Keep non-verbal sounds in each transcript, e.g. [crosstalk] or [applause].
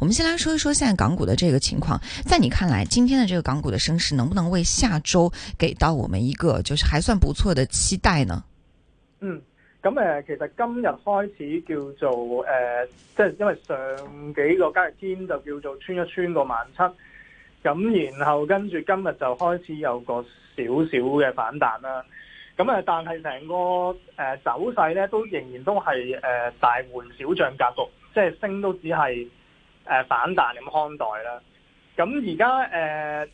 我們先來說一說現在港股的這個情況，在你看來，今天的這個港股的升勢，能不能為下周給到我們一個就是還算不錯的期待呢？嗯，咁、嗯、誒、呃，其實今日開始叫做誒、呃，即係因為上幾個交易天就叫做穿一穿個萬七，咁、嗯、然後跟住今日就開始有個少少嘅反彈啦。咁、嗯、啊、呃，但係成個誒、呃、走勢咧，都仍然都係誒、呃、大換小漲格局，即係升都只係。誒，反彈咁看待啦。咁而家誒，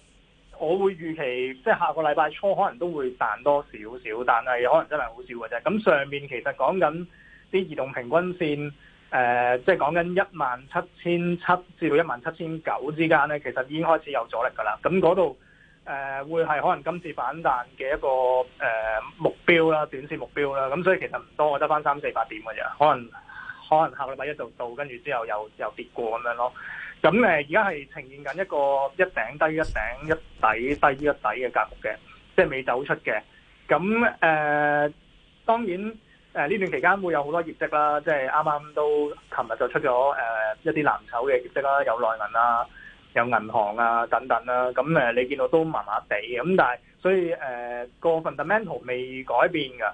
我會預期即係、就是、下個禮拜初可能都會彈多少少，但係可能真係好少嘅啫。咁上面其實講緊啲移動平均線，誒、呃，即係講緊一萬七千七至到一萬七千九之間呢，其實已經開始有阻力噶啦。咁嗰度誒，會係可能今次反彈嘅一個誒、呃、目標啦，短線目標啦。咁所以其實唔多，我得返三四百點嘅啫，可能。可能下禮拜一就到，跟住之後又又跌過咁樣咯。咁、嗯、誒，而家係呈現緊一個一頂低於一頂一，一底低於一底嘅格局嘅，即係未走出嘅。咁、嗯、誒、呃，當然誒呢、呃、段期間會有好多業績啦，即係啱啱都琴日就出咗誒、呃、一啲藍籌嘅業績啦，有內銀啊，有銀行啊等等啦、啊。咁、嗯、誒、呃，你見到都麻麻地咁，但係所以誒、呃呢個 fundamental 未改變㗎。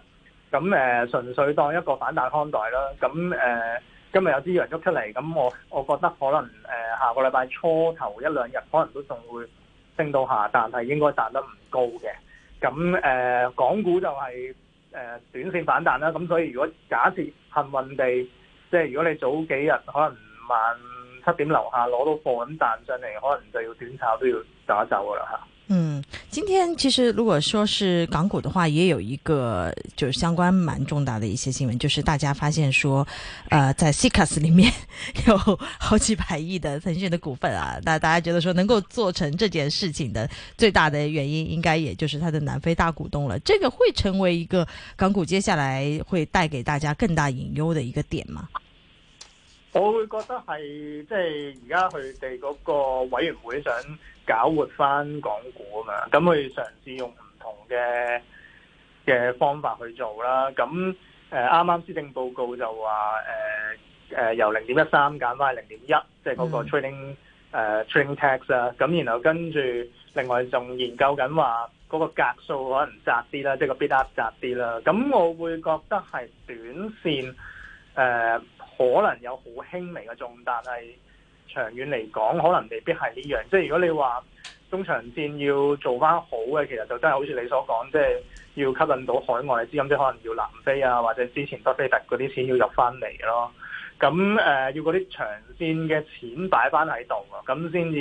咁誒純粹當一個反彈看待啦。咁誒今日有啲陽燭出嚟，咁我我覺得可能誒下個禮拜初頭一兩日可能都仲會升到下，但係應該彈得唔高嘅。咁誒港股就係誒短線反彈啦。咁所以如果假設幸運地，即係如果你早幾日可能萬七點樓下攞到貨咁彈上嚟，可能就要短炒都要打走噶啦嚇。嗯。今天其實如果說是港股的話，也有一個就是相關蠻重大的一些新聞，就是大家發現說，呃，在 CCASS 裏面有好幾百億的騰訊的股份啊，那大家覺得說能夠做成這件事情的最大的原因，應該也就是他的南非大股東了。這個會成為一個港股接下來會帶給大家更大隱憂的一個點嗎？我會覺得係即係而家佢哋嗰個委員會想搞活翻港股。咁去嘗試用唔同嘅嘅方法去做啦。咁誒，啱啱施政報告就話誒、誒由零點一三減返零點一，即係嗰個 trading 誒 trading tax 啦。咁然後跟住另外仲研究緊話嗰個格數可能窄啲啦，即係個 bid up 窄啲啦。咁我會覺得係短線誒、呃、可能有好輕微嘅重，但係長遠嚟講可能未必係呢樣。即係如果你話，中長線要做翻好嘅，其實就真係好似你所講，即係要吸引到海外嘅資金，即係可能要南非啊，或者之前德菲特嗰啲錢要入翻嚟咯。咁誒，要嗰啲長線嘅錢擺翻喺度啊，咁先至，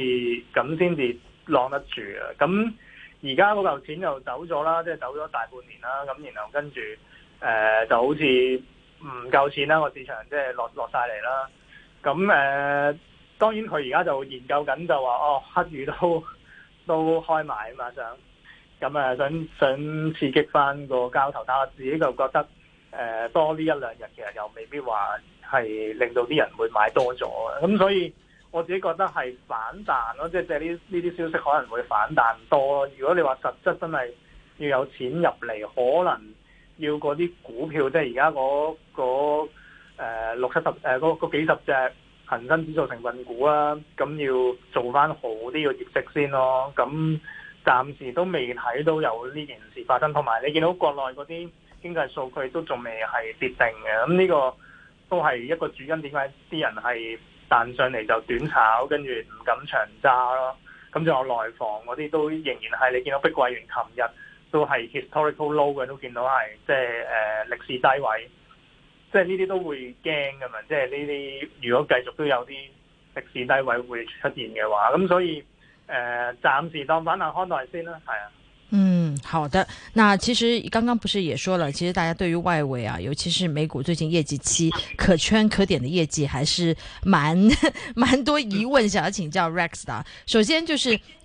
咁先至攬得住啊。咁而家嗰嚿錢又走咗啦，即係走咗大半年啦。咁然後跟住誒，就好似唔夠錢啦，個市場即係落落曬嚟啦。咁誒，當然佢而家就研究緊，就話哦，黑雨都，都開埋啊嘛，想咁啊，想想刺激翻個交投，但我自己就覺得，誒、呃、多呢一兩日其實又未必話係令到啲人會買多咗嘅，咁、嗯、所以我自己覺得係反彈咯，即係借呢呢啲消息可能會反彈多。如果你話實質真係要有錢入嚟，可能要嗰啲股票，即係而家嗰六七十誒十、呃、幾十隻。恒生指數成分股啊，咁要做翻好啲個業績先咯。咁暫時都未睇到有呢件事發生，同埋你見到國內嗰啲經濟數據都仲未係跌定嘅。咁呢個都係一個主因，點解啲人係彈上嚟就短炒，跟住唔敢長揸咯。咁仲有內房嗰啲都仍然係你見到碧桂園琴日都係 historical low 嘅，都見到係即係誒歷史低位。即係呢啲都會驚㗎嘛，即係呢啲如果繼續都有啲歷史低位會出現嘅話，咁所以誒，暫時當反下看待先啦，係啊。嗯，好的。那其實剛剛不是也説了，其實大家對於外圍啊，尤其是美股最近業績期可圈可點的業績，還是蠻蠻多疑問，想要請教 Rex 的。首先就是。 [laughs]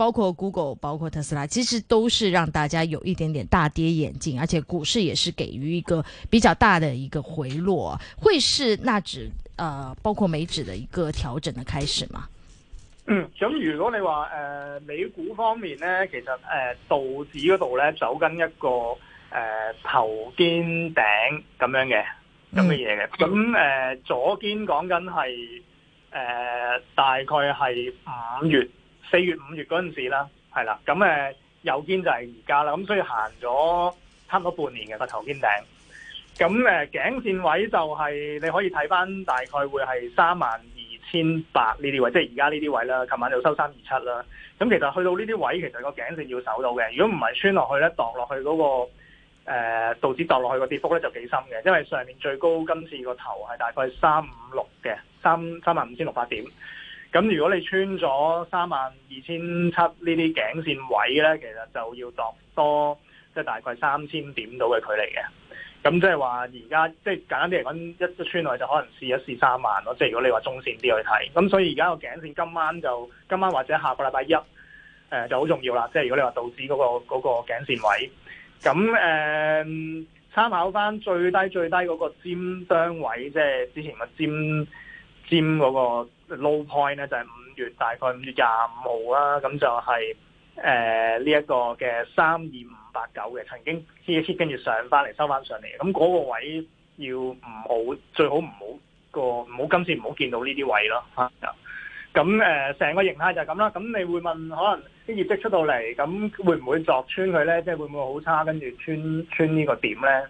包括 Google，包括特斯拉，其實都是讓大家有一點點大跌眼鏡，而且股市也是給予一個比較大的一個回落，會是納指，呃，包括美指的一個調整的開始嗎？咁如果你話誒美股方面呢，其實誒道指嗰度呢，走緊一個誒頭肩頂咁樣嘅咁嘅嘢嘅，咁誒左肩講緊係誒大概係五月。嗯四月、五月嗰陣時啦，係啦，咁誒右肩就係而家啦，咁所以行咗差唔多半年嘅個頭肩頂。咁誒頸線位就係你可以睇翻，大概會係三萬二千八呢啲位，即係而家呢啲位啦。琴晚就收三二七啦。咁其實去到呢啲位，其實個頸線要守到嘅。如果唔係穿落去咧，墮落去嗰個誒道指墮落去個跌幅咧，就幾深嘅。因為上面最高今次個頭係大概三五六嘅，三三萬五千六百點。咁如果你穿咗三萬二千七呢啲頸線位咧，其實就要度多即係大概三千點到嘅距離嘅。咁即係話而家即係簡單啲嚟講，一一穿落就可能試一試三萬咯。即係如果你話中線啲去睇，咁所以而家個頸線今晚就今晚或者下個禮拜一誒就好重要啦。即係如果你話道指嗰個嗰個頸線位咁誒，參考翻最低最低嗰個尖雙位，即係之前嘅尖尖嗰個。low point 就係五月大概五月廿五號啦，咁就係誒呢一個嘅三二五八九嘅曾經黐一黐跟住上翻嚟收翻上嚟，咁嗰個位要唔好，最好唔好個唔好今次唔好見到呢啲位咯嚇。咁誒成個形態就係咁啦。咁你會問可能啲業績出到嚟，咁會唔會砸穿佢咧？即係會唔會好差，跟住穿穿呢個點咧？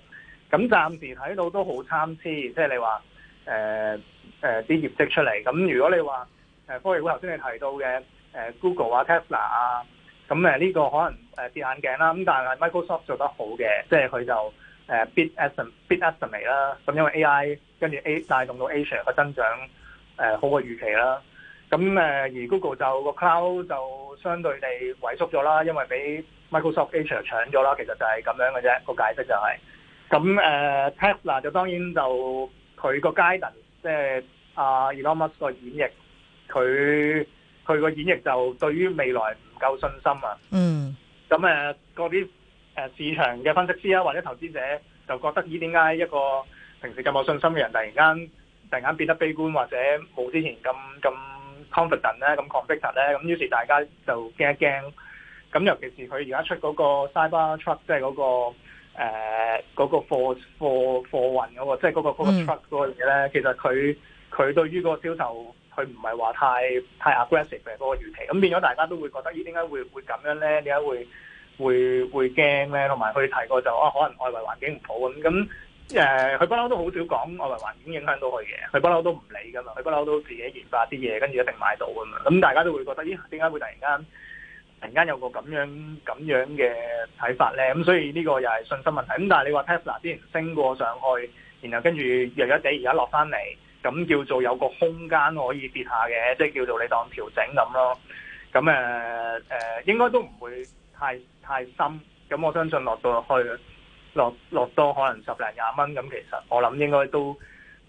咁暫時睇到都好參差，即係你話誒。呃誒啲、嗯、業績出嚟咁，如果你話誒，科技股頭先你提到嘅誒、嗯、Google 啊、Tesla 啊，咁誒呢個可能誒跌眼鏡啦。咁但係 Microsoft 做得好嘅，即係佢就誒 beat estimate beat estimate 嚟啦。咁、嗯嗯、因為 AI 跟住 A 帶動到 Asia 個增長誒、嗯，好過預期啦。咁、嗯、誒而 Google 就個 Cloud 就相對地萎縮咗啦，因為俾 Microsoft Asia 搶咗啦。其實就係咁樣嘅啫，個解釋就係咁誒。Tesla 就當然就佢個階段。即係阿 Elon Musk 個演繹，佢佢個演繹就對於未來唔夠信心啊！嗯、mm.，咁誒嗰啲誒市場嘅分析師啊，或者投資者就覺得咦？點解一個平時咁有信心嘅人突間，突然間突然間變得悲觀，或者冇之前咁咁 confident 咧，咁 confident 咧？咁於是大家就驚一驚。咁尤其是佢而家出嗰個 Cyber Truck，即係嗰個。誒嗰個貨貨貨運嗰個，即係嗰個嗰個 truck 嗰樣嘢咧，其實佢佢對於個銷售佢唔係話太太 aggressive 嘅嗰個預期，咁變咗大家都會覺得咦？點解會會咁樣咧？點解會會會驚咧？同埋佢提過就啊，可能外圍環境唔好咁咁誒，佢不嬲都好少講外圍環境影響到佢嘅，佢不嬲都唔理噶嘛，佢不嬲都自己研發啲嘢，跟住一定買到噶嘛，咁大家都會覺得咦？點解會突然間？突然間有個咁樣咁樣嘅睇法咧，咁、嗯、所以呢個又係信心問題。咁、嗯、但係你話 Tesla 之前升過上去，然後跟住弱咗啲而家落翻嚟，咁、嗯、叫做有個空間可以跌下嘅，即係叫做你當調整咁咯。咁誒誒，應該都唔會太太深。咁、嗯、我相信落到去落落多可能十零廿蚊，咁、嗯、其實我諗應該都。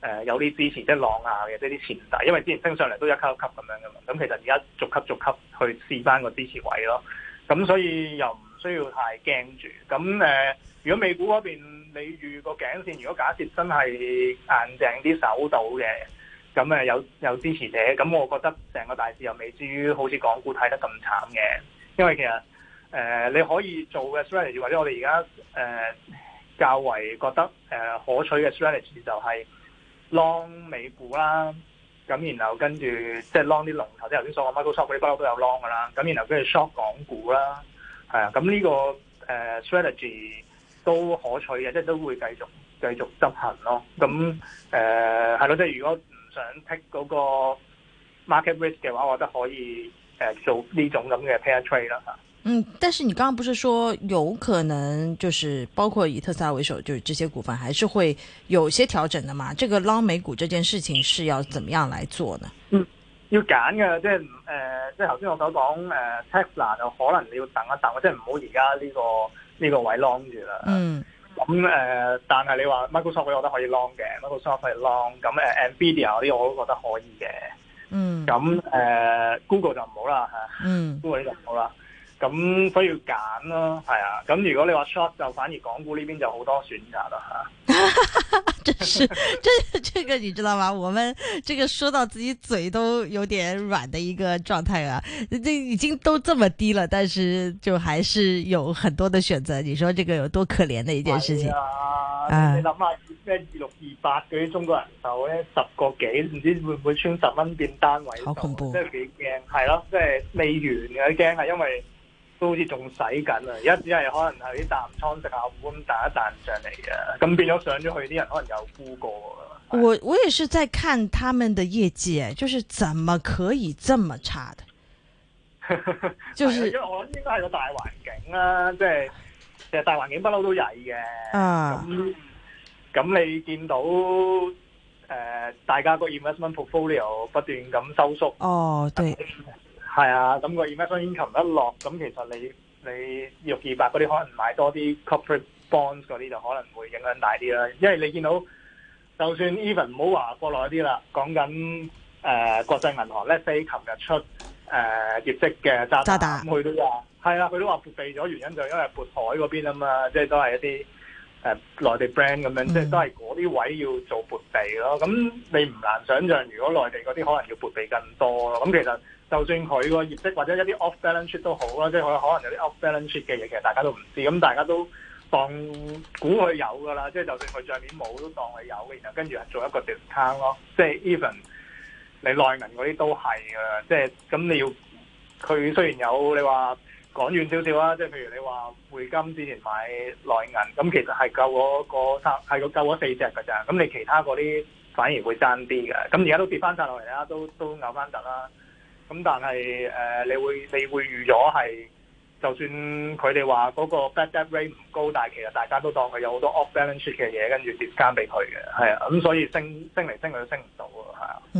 誒有啲支持即係浪下嘅，即係啲前大，因為之前升上嚟都一級一級咁樣嘅嘛。咁其實而家逐級逐級去試翻個支持位咯。咁所以又唔需要太驚住。咁誒、呃，如果美股嗰邊你遇個頸線，如果假設真係硬淨啲守到嘅，咁誒有有支持者，咁我覺得成個大市又未至於好似港股睇得咁慘嘅。因為其實誒、呃、你可以做嘅 strategy 或者我哋而家誒較為覺得誒、呃、可取嘅 strategy 就係、是。long 美股啦，咁然後跟住即係 long 啲龍頭，即係頭先所講 Microsoft 嗰啲包都有 long 㗎啦，咁然後跟住 short 港股啦，係啊，咁呢、這個誒、呃、strategy 都可取嘅，即係都會繼續繼續執行咯。咁誒係咯，即係如果唔想 take 嗰個 market risk 嘅話，我覺得可以誒、呃、做呢種咁嘅 pair trade 啦嚇。嗯，但是你剛剛不是說有可能，就是包括以特斯拉為首，就是這些股份，還是會有些調整的嘛？這個 long 美股這件事情是要怎麼樣來做呢？嗯，要揀嘅，即係誒、呃，即係頭先我講講誒，Tesla 就可能你要等一等，即係唔好而家呢個呢、呢個位 long 住啦。嗯。咁誒、呃，但係你話 Microsoft 呢，我覺得可以 long 嘅，Microsoft 可以 long。咁、呃、誒，NVIDIA 啲我都覺得可以嘅。嗯。咁誒、呃，Google 就唔好啦吓。嗯。Google 呢就唔好啦。嗯咁所以要揀咯，係啊。咁、啊、如果你話 short 就反而港股呢邊就好多選擇啦嚇。真、啊、 [laughs] 係真，這個你知道嗎？我們這個說到自己嘴都有點軟的一個狀態啊。已經都這麼低了，但是就還是有很多的選擇。你說這個有多可憐的一件事情、啊啊、你諗下咩二六二八嗰啲中國人壽咧，十個幾唔知會唔會穿十蚊變單位，好恐怖，真係幾驚。係咯、啊，即係未完嘅驚係因為。都好似仲使緊啊！而家只係可能係啲淡倉食下碗咁彈一彈上嚟嘅，咁變咗上咗去啲人可能有沽過啊！我我也是在看他們的業績，就是怎麼可以這麼差的？ [laughs] 就是 [laughs] 因為我諗應該係個大環境啦、啊，即、就、係、是、其實大環境不嬲都曳嘅嗯，咁、uh, 你見到誒、呃、大家個 investment portfolio 不斷咁收縮，哦，oh, 對。 [laughs] 係啊，咁、嗰個 investment income 一落，咁其實你你六二八嗰啲可能買多啲 corporate bonds 嗰啲，就可能會影響大啲啦。因為你見到，就算 even 唔好話國內啲啦，講緊誒、呃、國際銀行 let's say 琴日出誒、呃、業績嘅渣渣打，佢達都話係啊，佢都話撥備咗，原因就因為撥海嗰邊啊嘛，即係都係一啲誒、呃、內地 brand 咁樣，嗯、即係都係嗰啲位要做撥備咯。咁你唔難想象，如果內地嗰啲可能要撥備更多咯。咁其實。就算佢個業績或者一啲 off balance 都好啦，即係佢可能有啲 off balance 嘅嘢，其實大家都唔知，咁大家都當估佢有噶啦，即係就算佢帳面冇都當佢有嘅，然後跟住做一個 discount 咯，即係 even 你內銀嗰啲都係噶啦，即係咁你要佢雖然有你話講遠少少啦，即係譬如你話匯金之前買內銀咁，其實係夠嗰三係個夠咗四隻噶咋，咁你其他嗰啲反而會爭啲嘅，咁而家都跌翻晒落嚟啦，都都咬翻得啦。咁但係誒、呃，你會你會預咗係，就算佢哋話嗰個 bad debt rate 唔高，但係其實大家都當佢有好多 off balance 嘅嘢，跟住跌翻俾佢嘅，係啊，咁、嗯、所以升升嚟升去都升唔到啊，係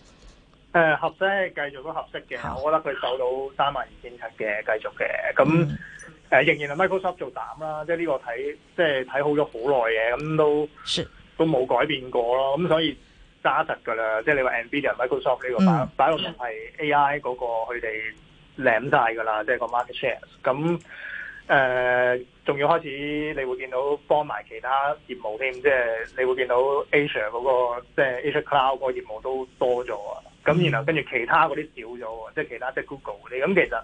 誒、呃、合適繼續都合適嘅，好我覺得佢走到三萬二千七嘅繼續嘅，咁誒、嗯呃、仍然係 Microsoft 做膽啦，即係呢個睇即係睇好咗好耐嘅，咁都是都冇改變過咯，咁所以揸實㗎啦。即係你話 Nvidia、Microsoft 呢個擺、嗯、擺落係 AI 嗰、那個佢哋領晒㗎啦，即係個 market share。咁誒仲要開始，你會見到幫埋其他業務添，即係你會見到 Azure 嗰、那個即係 Azure Cloud 個業務都多咗啊！咁、嗯、然後跟住其他嗰啲少咗即係其他即係 Google 嗰啲。咁、就是、其實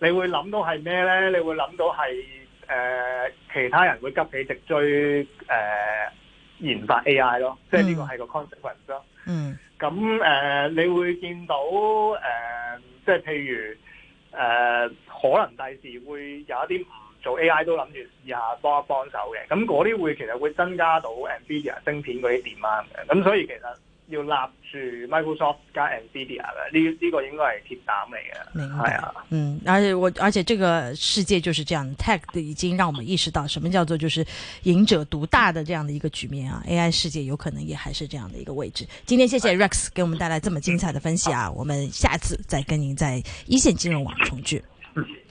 你會諗到係咩咧？你會諗到係誒、呃、其他人會急起直追誒、呃、研發 AI 咯，即係呢個係個 consequence 咯。嗯。咁誒、呃，你會見到誒、呃，即係譬如誒、呃，可能第時會有一啲唔做 AI 都諗住試下幫一幫手嘅。咁嗰啲會其實會增加到 Nvidia 晶片嗰啲 demand 啊。咁所以其實。要立住 Microsoft 加 Nvidia 嘅呢呢、這個這個應該係鐵膽嚟嘅，明白啊，嗯，而且我而且這個世界就是這樣，Tech 已經讓我們意識到什麼叫做就是贏者獨大的這樣的一個局面啊，AI 世界有可能也還是這樣的一個位置。今天謝謝 Rex 給我們帶來這麼精彩的分析啊，啊我們下次再跟您在一線金融網重聚。嗯